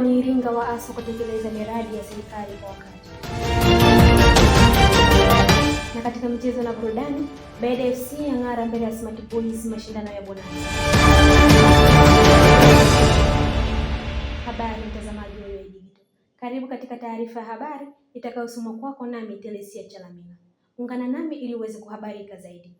ni Iringa wa ASO kutekeleza miradi ya serikali kwa wakati. Na katika michezo na burudani, Beda FC yang'ara mbele ya Smart Boys mashindano ya Bonanza. Habari mtazamaji wa UoI Digital, karibu katika taarifa ya habari itakayosomwa kwako nami Telesia Chalamila. Ungana nami ili uweze kuhabarika zaidi.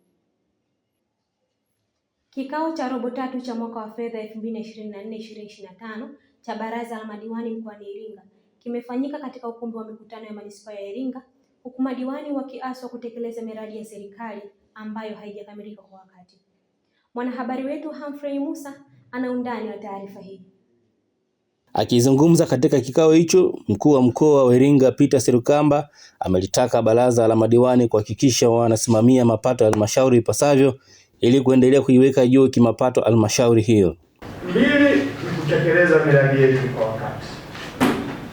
Kikao cha robo tatu cha mwaka wa fedha 2024-2025 cha Baraza la Madiwani mkoani Iringa kimefanyika katika ukumbi wa mikutano ya manispaa ya Iringa huku madiwani wakiaswa kutekeleza miradi ya serikali ambayo haijakamilika kwa wakati. Mwanahabari wetu Humphrey Musa ana undani wa taarifa hii. Akizungumza katika kikao hicho, mkuu wa mkoa wa Iringa Peter Serukamba amelitaka baraza la madiwani kuhakikisha wanasimamia mapato ya halmashauri ipasavyo ili kuendelea kuiweka juu kimapato halmashauri hiyo. Mbili kutekeleza miradi yetu kwa wakati.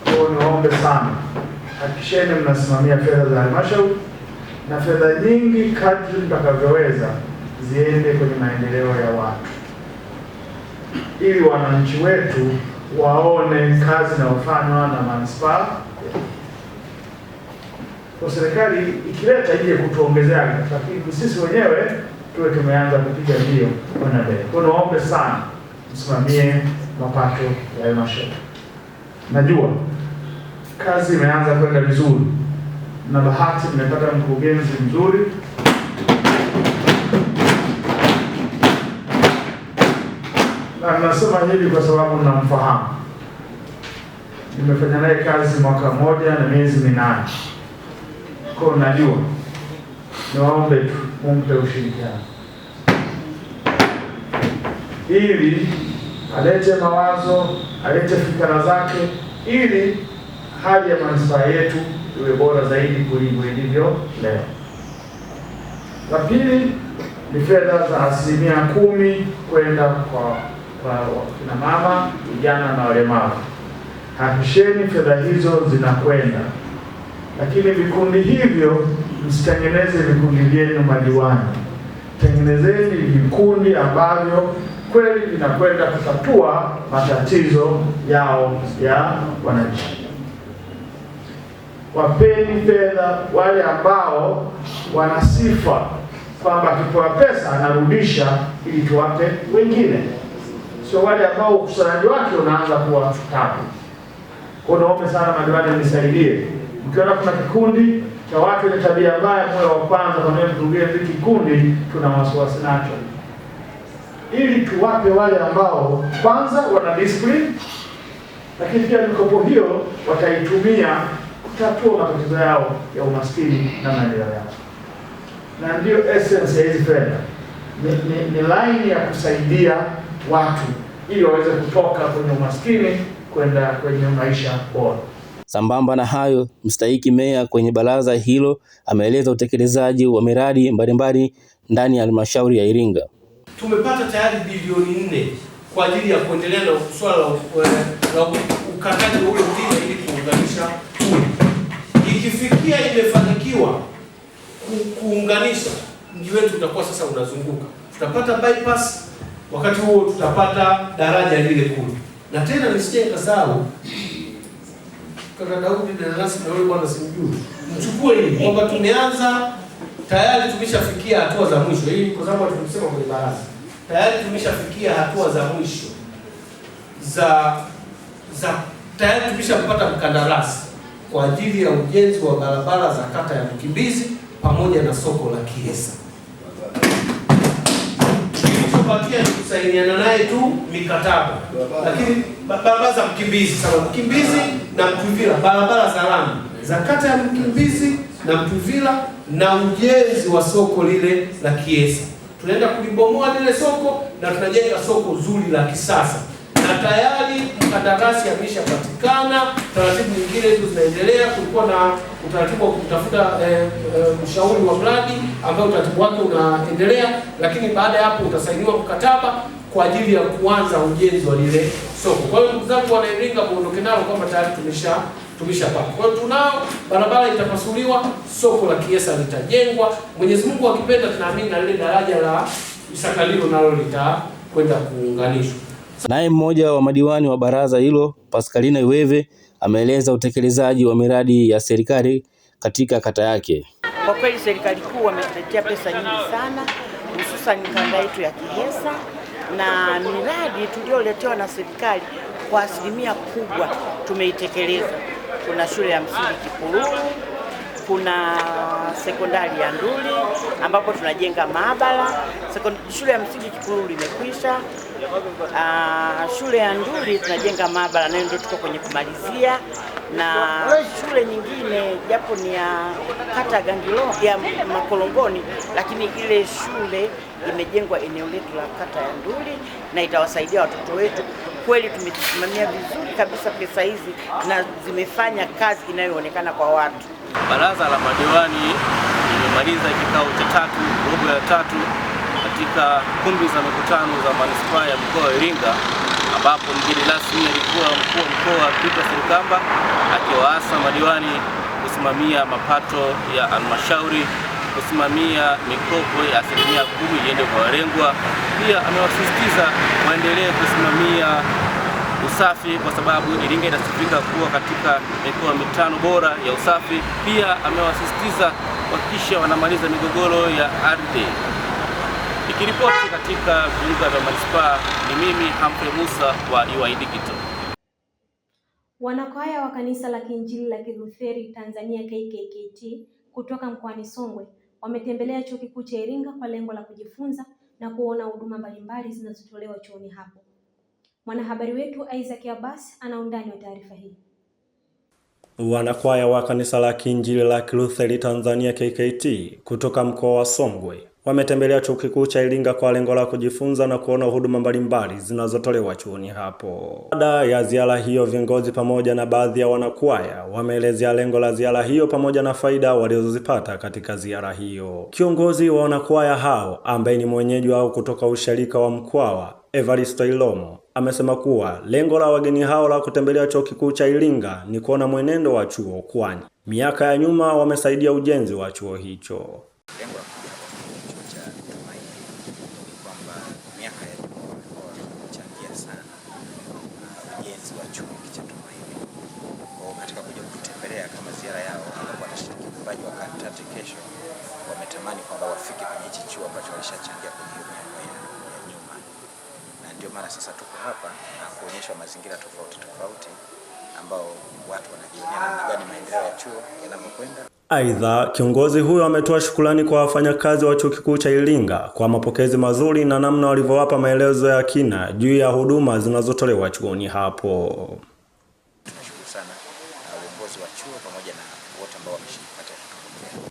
Kwa hiyo niwaombe sana, hakikisheni mnasimamia fedha za halmashauri na fedha nyingi kadri mtakavyoweza ziende kwenye maendeleo ya watu, ili wananchi wetu waone kazi inayofanywa na manispaa kwa serikali ikileta ile kutuongezea, lakini sisi wenyewe tuwe tumeanza kupiga mbio kwenda mbele. Kwa hiyo naombe sana msimamie mapato ya halmashauri. Najua kazi imeanza kwenda vizuri na bahati nimepata mkurugenzi mzuri na nasema hivi kwa sababu namfahamu, nimefanya naye kazi mwaka mmoja na miezi minane, kwa najua. Niwaombe tu mumpe ushirikiano ili alete mawazo, alete fikra zake, ili hali ya manispaa yetu iwe bora zaidi kuliko ilivyo leo. La pili ni fedha za asilimia kumi kwenda kwa kwa kina mama, vijana na walemavu. Hakisheni fedha hizo zinakwenda, lakini vikundi hivyo msitengeneze vikundi vyenu madiwani, tengenezeni vikundi ambavyo kweli vinakwenda kutatua matatizo yao ya wananchi. Wapeni fedha wale ambao wana sifa kwamba akitoa pesa anarudisha ili tuwape wengine, sio wale ambao ukusanyaji wake unaanza kuwa tabu. Kwa naombe sana madiwani nisaidie, mkiona kuna kikundi cha watu wenye tabia mbaya, moyo wa kwanza kanae mtungie hiki kikundi tuna wasiwasi nacho ili tuwape wale ambao kwanza wana discipline, lakini pia mikopo hiyo wataitumia kutatua matatizo yao ya umaskini na maendeleo yao. Na ndiyo essence ya hizi fedha ni, ni, ni laini ya kusaidia watu ili waweze kutoka kwenye umaskini kwenda kwenye maisha bora. Sambamba na hayo, mstahiki meya kwenye baraza hilo ameeleza utekelezaji wa miradi mbalimbali ndani ya halmashauri ya Iringa tumepata tayari bilioni nne kwa ajili ya kuendelea na swala la eh, ukataji wa ule mlima ili kuunganisha ule. Ikifikia imefanikiwa kuunganisha mji wetu utakuwa sasa unazunguka, tutapata bypass, wakati huo tutapata daraja lile kuni. Na tena nisije nikasahau, kaka Daudi na nasi na wewe bwana, simjui mchukue hili kwamba tumeanza tayari tumeshafikia hatua za mwisho. Hii kwa sababu tumesema kwenye baraza, tayari tumeshafikia hatua za mwisho za za tayari tumeshapata mkandarasi kwa ajili ya ujenzi wa barabara za kata ya Mkimbizi pamoja na soko la Kiesa. Kilichobakia ni kusainiana naye tu mikataba, lakini barabara za Mkimbizi sana, Mkimbizi na Mkimbira, barabara za lami za kata ya Mkimbizi na Mtuvila na ujenzi wa soko lile la Kiesa. Tunaenda kulibomoa lile soko na tunajenga soko zuri la kisasa, na tayari mkandarasi ameshapatikana. Taratibu nyingine hizo zinaendelea. Kulikuwa na utaratibu wa e, e, mshauri wa mradi ambayo utaratibu wake unaendelea, lakini baada ya hapo utasainiwa mkataba kwa ajili ya kuanza ujenzi wa lile soko. Kwa hiyo ndugu zangu wana Iringa, muondoke nalo kwamba tayari tumesha tumesha paa. Kwa hiyo tunao barabara itapasuliwa, soko la Kiesa litajengwa, Mwenyezi Mungu akipenda, tunaamini na lile daraja la Isakalilo nalo litakwenda kuunganishwa. Naye mmoja wa madiwani wa baraza hilo Pascalina Iweve ameeleza utekelezaji wa miradi ya serikali katika kata yake. Kwa kweli serikali kuu wametetea pesa nyingi sana, hususan kanda yetu ya Kiesa na miradi tuliyoletewa na serikali kwa asilimia kubwa tumeitekeleza. Kuna shule ya msingi Kipululu kuna sekondari ya Nduli ambapo tunajenga maabara. Shule ya msingi Kikururu imekwisha. Uh, ah, shule ya Nduli tunajenga maabara nayo ndio tuko kwenye kumalizia, na shule nyingine japo ni ya kata Gangilo ya Makolongoni, lakini ile shule imejengwa eneo letu la kata ya Nduli na itawasaidia watoto wetu. Kweli tumejisimamia vizuri kabisa pesa hizi na zimefanya kazi inayoonekana kwa watu. Baraza la madiwani limemaliza kikao cha tatu robo ya tatu katika kumbi za mikutano za manispaa ya mkoa wa Iringa, ambapo mgeni rasmi alikuwa mkuu wa mkoa Peter akiwaasa madiwani kusimamia mapato ya halmashauri, kusimamia mikopo ya asilimia kumi iende kwa walengwa. Pia amewasisitiza waendelee kusimamia usafi, kwa sababu Iringa inasifika kuwa katika mikoa mitano bora ya usafi. Pia amewasisitiza kuhakikisha wanamaliza migogoro ya ardhi. Nikiripoti katika viunga vya manispaa, ni mimi hampe Musa wa UoI e Digital. Wanakwaya wa kanisa la Kiinjili la Kilutheri Tanzania KKKT kutoka mkoani Songwe wametembelea chuo kikuu cha Iringa kwa lengo la kujifunza na kuona huduma mbalimbali zinazotolewa chuoni hapo. Mwanahabari wetu Isaac Abbas ana undani wa taarifa hii. Wanakwaya wa kanisa la Kiinjili la Kilutheri Tanzania KKT kutoka mkoa wa Songwe wametembelea chuo kikuu cha Iringa kwa lengo la kujifunza na kuona huduma mbalimbali zinazotolewa chuoni hapo. Baada ya ziara hiyo, viongozi pamoja na baadhi ya wanakwaya wameelezea lengo la ziara hiyo pamoja na faida walizozipata katika ziara hiyo. Kiongozi wa wanakwaya hao ambaye ni mwenyeji wao kutoka usharika wa Mkwawa, Evaristo Ilomo amesema kuwa lengo la wageni hao la kutembelea Chuo Kikuu cha Iringa ni kuona mwenendo wa chuo, kwani miaka ya nyuma wamesaidia ujenzi wa chuo hicho. Aidha, kiongozi huyo ametoa shukrani kwa wafanyakazi wa Chuo Kikuu cha Iringa kwa mapokezi mazuri na namna walivyowapa maelezo ya kina juu ya huduma zinazotolewa chuoni hapo.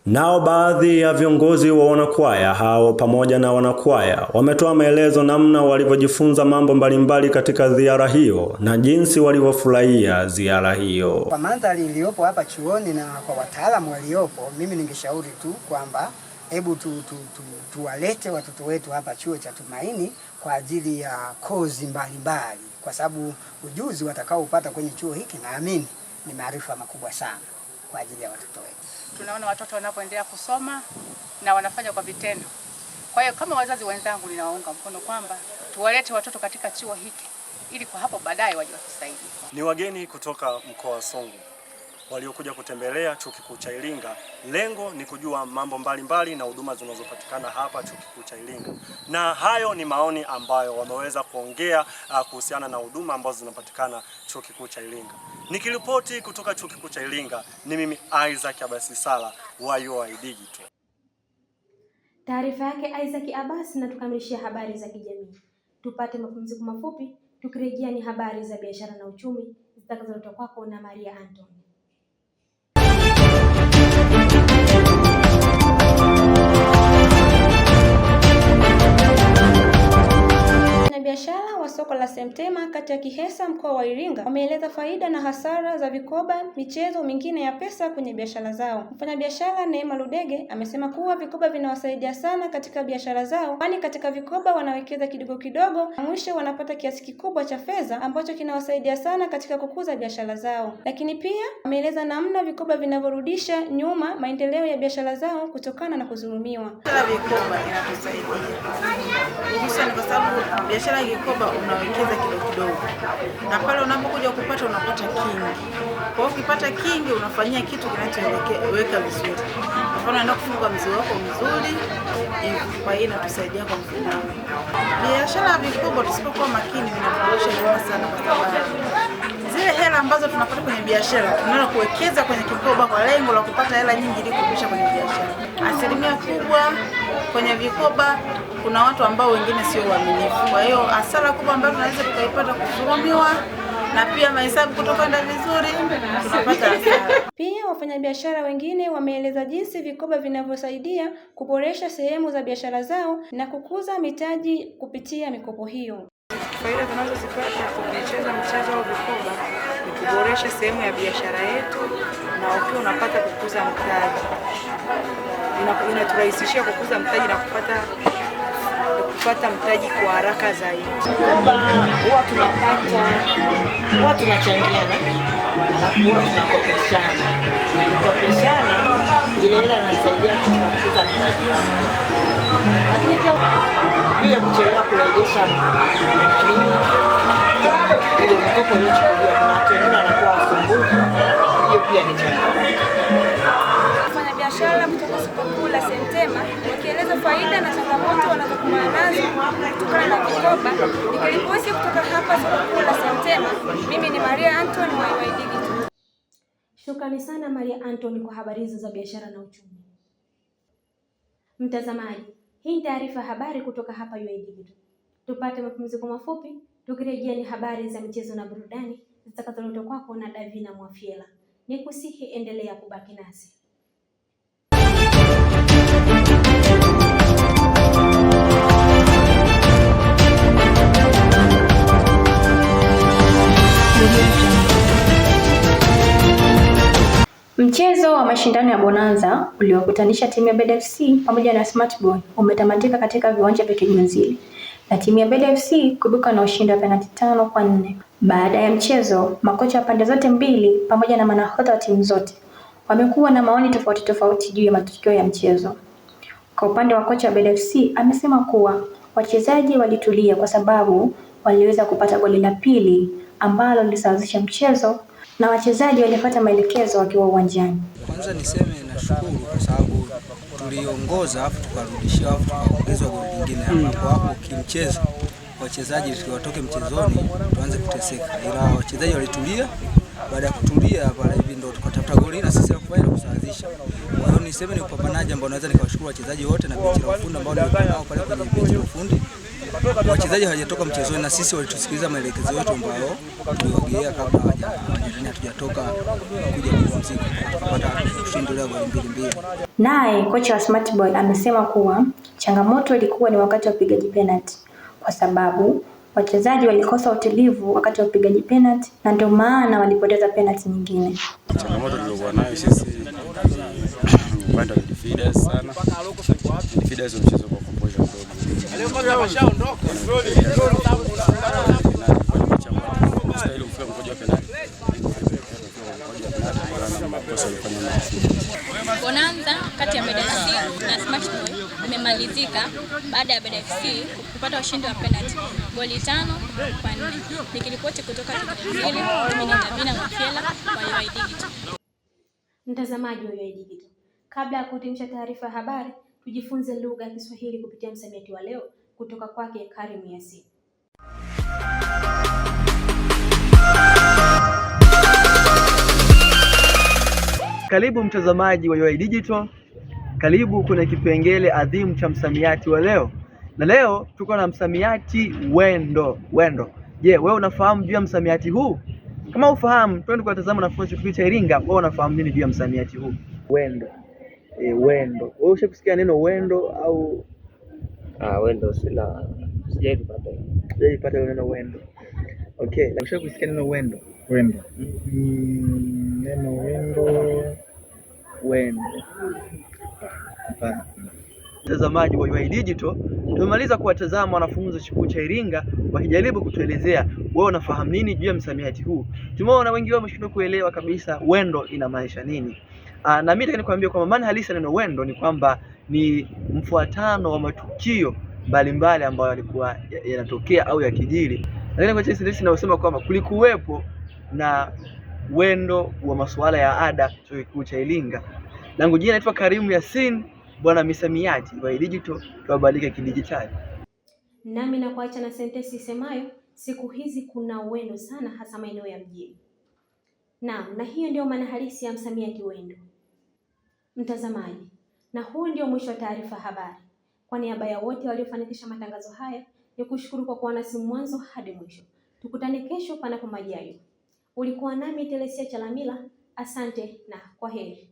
Nao baadhi ya viongozi wa wanakwaya hao pamoja na wanakwaya wametoa maelezo namna walivyojifunza mambo mbalimbali katika ziara hiyo na jinsi walivyofurahia ziara hiyo. Kwa mandhari iliyopo hapa chuoni na kwa wataalamu waliopo, mimi ningeshauri tu kwamba hebu tu, tu, tu, tuwalete watoto wetu hapa chuo cha Tumaini kwa ajili ya kozi mbalimbali, kwa sababu ujuzi watakaoupata kwenye chuo hiki naamini ni maarifa makubwa sana kwa ajili ya watoto wetu. Tunaona watoto wanapoendelea kusoma na wanafanya kwa vitendo. Kwa hiyo kama wazazi wenzangu, ninawaunga mkono kwamba tuwalete watoto katika chuo hiki ili kwa hapo baadaye waje watusaidia. Ni wageni kutoka mkoa wa Songwe waliokuja kutembelea chuo kikuu cha Iringa. Lengo ni kujua mambo mbalimbali mbali na huduma zinazopatikana hapa chuo kikuu cha Iringa, na hayo ni maoni ambayo wameweza kuongea ah, kuhusiana na huduma ambazo zinapatikana chuo kikuu cha Iringa. Nikiripoti kutoka chuo kikuu cha Iringa, ni mimi Isaac Abasi Sala wa UoI Digital. Taarifa yake Isaac Abasi, na tukamilishia habari za kijamii. Tupate mapumziko mafupi, tukirejea ni habari za biashara na uchumi zitakazoletwa kwako na Maria Anton. chau wa soko la Semtema kati ya Kihesa mkoa wa Iringa wameeleza faida na hasara za vikoba, michezo mingine ya pesa kwenye biashara zao. Mfanyabiashara Neema Ludege amesema kuwa vikoba vinawasaidia sana katika biashara zao, kwani katika vikoba wanawekeza kidogo kidogo na mwisho wanapata kiasi kikubwa cha fedha ambacho kinawasaidia sana katika kukuza biashara zao. Lakini pia ameeleza namna vikoba vinavyorudisha nyuma maendeleo ya biashara zao kutokana na kuzulumiwa. Biashara ya inatusaidia kwa sababu biashara ya vikoba unawekeza kidogo kidogo, na pale unapokuja kupata unapata kingi. Kwa hiyo ukipata kingi unafanyia kitu kinachoweka vizuri, kwa mfano unaenda kufunga mzi wako mzuri. Kwa hiyo inatusaidia kwa mfano, Biashara ya tusipokuwa makini inakuosha nyuma sana, kwa sababu zile hela ambazo tunapata kwenye biashara tunaenda kuwekeza kwenye kikoba kwa lengo la kupata hela nyingi ili kurudisha kwenye biashara, asilimia kubwa kwenye vikoba kuna watu ambao wengine sio waaminifu. Kwa hiyo hasara kubwa ambayo tunaweza tukaipata kufurumiwa na pia mahesabu kutokwenda vizuri tunapata hasara. Pia wafanyabiashara wengine wameeleza jinsi vikoba vinavyosaidia kuboresha sehemu za biashara zao na kukuza mitaji kupitia mikopo hiyo. Faida tunazozipata kucheza mchezo wa vikoba ni kuboresha sehemu ya biashara yetu, na ukiwa unapata kukuza mtaji inaturahisishia kukuza mtaji na kupata kupata mtaji kwa haraka zaidi. Huwa tunapata huwa tunachangiana, alafu huwa tunakopeshana. Kopeshana ile ile inasaidia kukuza mtaji, lakini pia kuchelewa kurejesha ile Kuna watu wengine wanakuwa wasumbufu, hiyo pia ni changamoto biashara kutoka Sokokuu la Sentema wakieleza faida na changamoto wanazokumbana nazo kutokana na vikoba. Nikiripoti kutoka hapa Sokokuu la Sentema, mimi ni Maria Anton wa UoI Digital. Shukrani sana Maria Anton kwa habari hizo za biashara na uchumi. Mtazamaji, hii ni taarifa ya habari kutoka hapa UoI Digital. Tupate mapumziko mafupi, tukirejea ni habari za michezo na burudani zitakazoletwa kwako na Davina Mwafiela. Nikusihi endelea kubaki nasi. Mchezo wa mashindano ya Bonanza uliokutanisha timu ya Bed FC pamoja na Smart Boy umetamatika katika viwanja vya Kijonzile na timu ya Bed FC kuibuka na ushindi wa penalti tano kwa nne. Baada ya mchezo, makocha wa pande zote mbili pamoja na manahodha wa timu zote wamekuwa na maoni tofauti tofauti juu ya matokeo ya mchezo. Kwa upande wa kocha wa Bed FC amesema kuwa wachezaji walitulia kwa sababu waliweza kupata goli la pili ambalo lilisawazisha mchezo na wachezaji walipata maelekezo wakiwa uwanjani. Kwanza niseme nashukuru kwa sababu tuliongoza afu tukarudishia afu tukaongezwa goli lingine, hmm. ambapo hapo kimchezo wachezaji tuwatoke mchezoni tuanze kuteseka, ila wachezaji walitulia. Baada ya kutulia pale hivi ndo tukatafuta goli na sisi kufanya kusawazisha. Kwa hiyo niseme ni upambanaji ambao naweza nikawashukuru wachezaji wote na benchi la ufundi ambao nilikuwa nao pale kwenye benchi la ufundi wachezaji hawajatoka mchezoni, na sisi walitusikiliza maelekezo yetu ambayo tuliwagea kabla hatujatoka kuja kupumzika, tukapata ushindi wa goli mbili mbili. Naye kocha wa Smart Boy amesema kuwa changamoto ilikuwa ni wakati wa upigaji penalti, kwa sababu wachezaji walikosa utulivu wakati wa upigaji penalti na ndio maana walipoteza penalti nyingine. Changamoto tuliokuwa nayo sisi upande wa midfielders sana, midfielders mchezo kwa Bonanza kati ya Beda FC na Smash Boy imemalizika baada ya Beda FC kupata ushindi wa penalti goli tano kwa nne. Nikiripoti kutoka Kigali, mimi ni Davina Mafyela wa UoI Digital. Mtazamaji wa UoI Digital, kabla ya kuhitimisha taarifa ya habari tujifunze lugha ya Kiswahili kupitia msamiati wa leo kutoka kwake Karim Yasin. Karibu mtazamaji wa UoI Digital, karibu kuna kipengele adhimu cha msamiati wa leo, na leo tuko na msamiati wendo. Wendo, je, yeah, wewe unafahamu juu ya msamiati huu? Kama ufahamu, twende kuwatazama wanafunzi kipindi cha Iringa, wewe unafahamu nini juu ya msamiati huu wendo? E, wendo. Wewe ushakusikia neno wendo au? Ah, wendo sila sijaipata. Sijaipata neno wendo. Okay, like ushakusikia neno wendo? Wendo. Mm, neno wendo. Wendo. Mtazamaji wa UoI Digital, tumemaliza kuwatazama wanafunzi wa chuo cha Iringa wakijaribu kutuelezea wewe unafahamu nini juu ya msamiati huu. Tumeona wengi wao wameshindwa kuelewa kabisa wendo ina maanisha nini. Ah, na mimi nataka nikwambie kwamba maana halisi ya neno wendo ni kwamba ni mfuatano wa matukio mbalimbali ambayo yalikuwa yanatokea au yakijiri, lakini kwa kwamba kulikuwepo na wendo wa masuala ya ada chuo kikuu cha Iringa. Langu jina naitwa Karimu Yasin, bwana misamiaji wa digital, tuwabadilike kidijitali. Nami nakuacha na sentensi isemayo siku hizi kuna wendo sana, hasa maeneo ya mjini. Naam, na hiyo ndio maana halisi ya msamiaji wendo. Mtazamaji, na huu ndio mwisho wa taarifa habari. Kwa niaba ya wote waliofanikisha matangazo haya, ni kushukuru kwa kuwa nasi mwanzo hadi mwisho. Tukutane kesho, panapo majayo. Ulikuwa nami Telesia Chalamila, asante na kwa heri.